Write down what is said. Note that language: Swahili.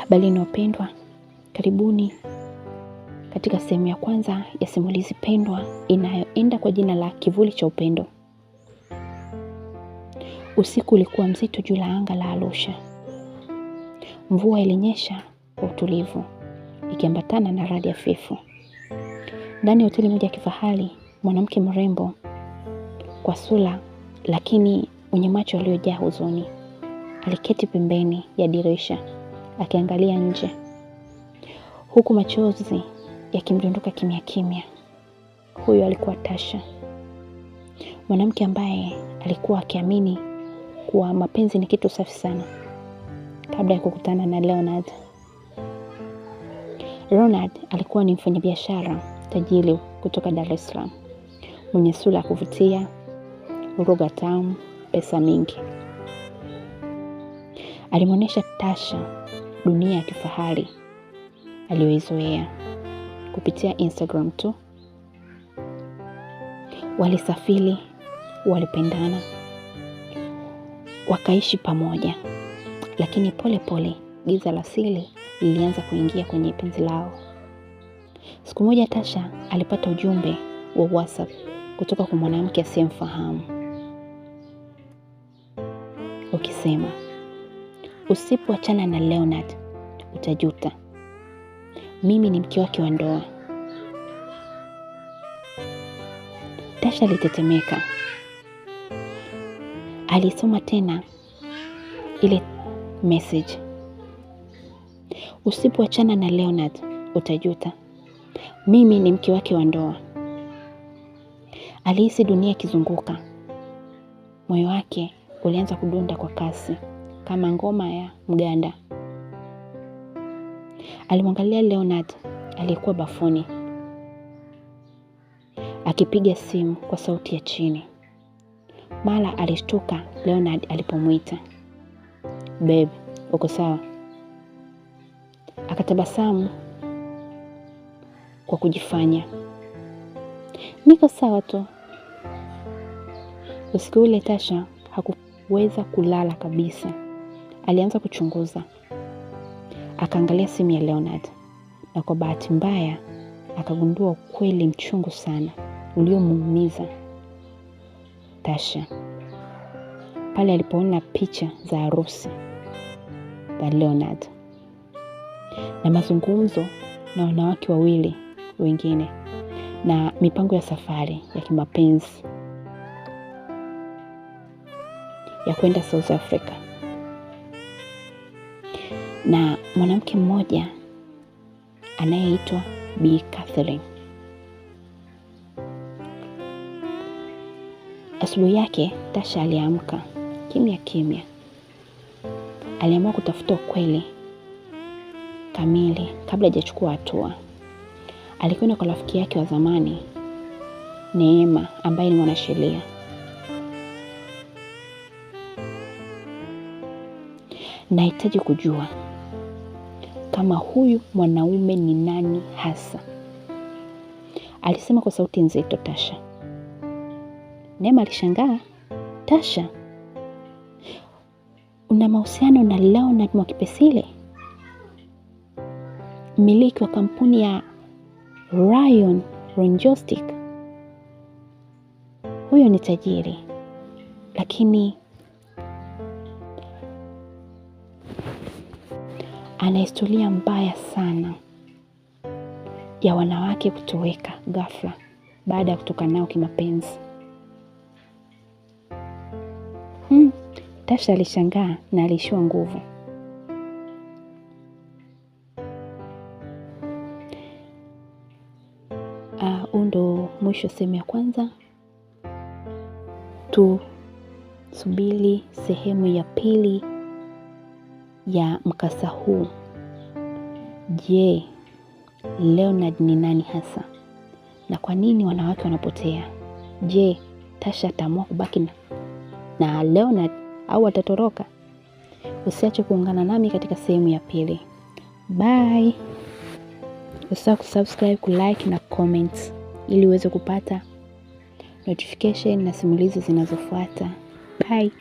Habari inayopendwa karibuni katika sehemu ya kwanza ya simulizi pendwa inayoenda kwa jina la Kivuli cha Upendo. Usiku ulikuwa mzito juu la anga la Arusha. Mvua ilinyesha kwa utulivu ikiambatana na radi hafifu. Ndani ya hoteli moja ya kifahari, mwanamke mrembo kwa sura lakini mwenye macho yaliyojaa huzuni aliketi pembeni ya dirisha akiangalia nje huku machozi yakimdondoka kimya kimya. Huyo alikuwa Tasha, mwanamke ambaye alikuwa akiamini kuwa mapenzi ni kitu safi sana kabla ya kukutana na Leonard. Ronald alikuwa ni mfanyabiashara tajiri kutoka Dar es Salaam mwenye sura ya kuvutia, uroga tamu, pesa mingi. Alimwonyesha Tasha dunia ya kifahari aliyoizoea kupitia Instagram tu. Walisafiri, walipendana, wakaishi pamoja, lakini pole pole giza la sili lilianza kuingia kwenye penzi lao. Siku moja Tasha alipata ujumbe wa WhatsApp kutoka kwa mwanamke asiyemfahamu ukisema usipoachana na Leonard utajuta. Mimi ni mke wake wa ndoa. Tasha alitetemeka. Alisoma tena ile message, usipoachana na Leonard utajuta. Mimi ni mke wake wa ndoa. Alihisi dunia ikizunguka, moyo wake ulianza kudunda kwa kasi kama ngoma ya mganda. Alimwangalia Leonard aliyekuwa bafuni akipiga simu kwa sauti ya chini. Mara alishtuka Leonard alipomwita, Babe, uko sawa? Akatabasamu kwa kujifanya, niko sawa tu. Usiku ule Tasha hakuweza kulala kabisa alianza kuchunguza. Akaangalia simu ya Leonard na kwa bahati mbaya akagundua ukweli mchungu sana uliomuumiza Tasha pale alipoona picha za harusi za Leonard na mazungumzo na wanawake wawili wengine na mipango ya safari ya kimapenzi ya kwenda South Africa na mwanamke mmoja anayeitwa b Catherine. Asubuhi yake Tasha aliamka kimya kimya, aliamua kutafuta ukweli kamili kabla hajachukua hatua. Alikwenda kwa rafiki yake wa zamani Neema, ambaye ni mwanasheria. Nahitaji kujua kama huyu mwanaume ni nani hasa, alisema kwa sauti nzito Tasha. Neema alishangaa, Tasha, una mahusiano na Lao na Mwakipesile, mmiliki wa kampuni ya ryon Ronjostic? Huyo ni tajiri, lakini ana historia mbaya sana ya wanawake kutoweka ghafla baada ya kutoka nao kimapenzi. Hmm, Tasha alishangaa na aliishiwa nguvu. Ah, huu ndo mwisho sehemu ya kwanza. Tusubiri sehemu ya pili ya mkasa huu. Je, Leonard ni nani hasa, na kwa nini wanawake wanapotea? Je, Tasha ataamua kubaki na, na Leonard au atatoroka? Usiache kuungana nami katika sehemu ya pili. Bye. Usisahau kusubscribe, kulike na comment ili uweze kupata notification na simulizi zinazofuata. Bye.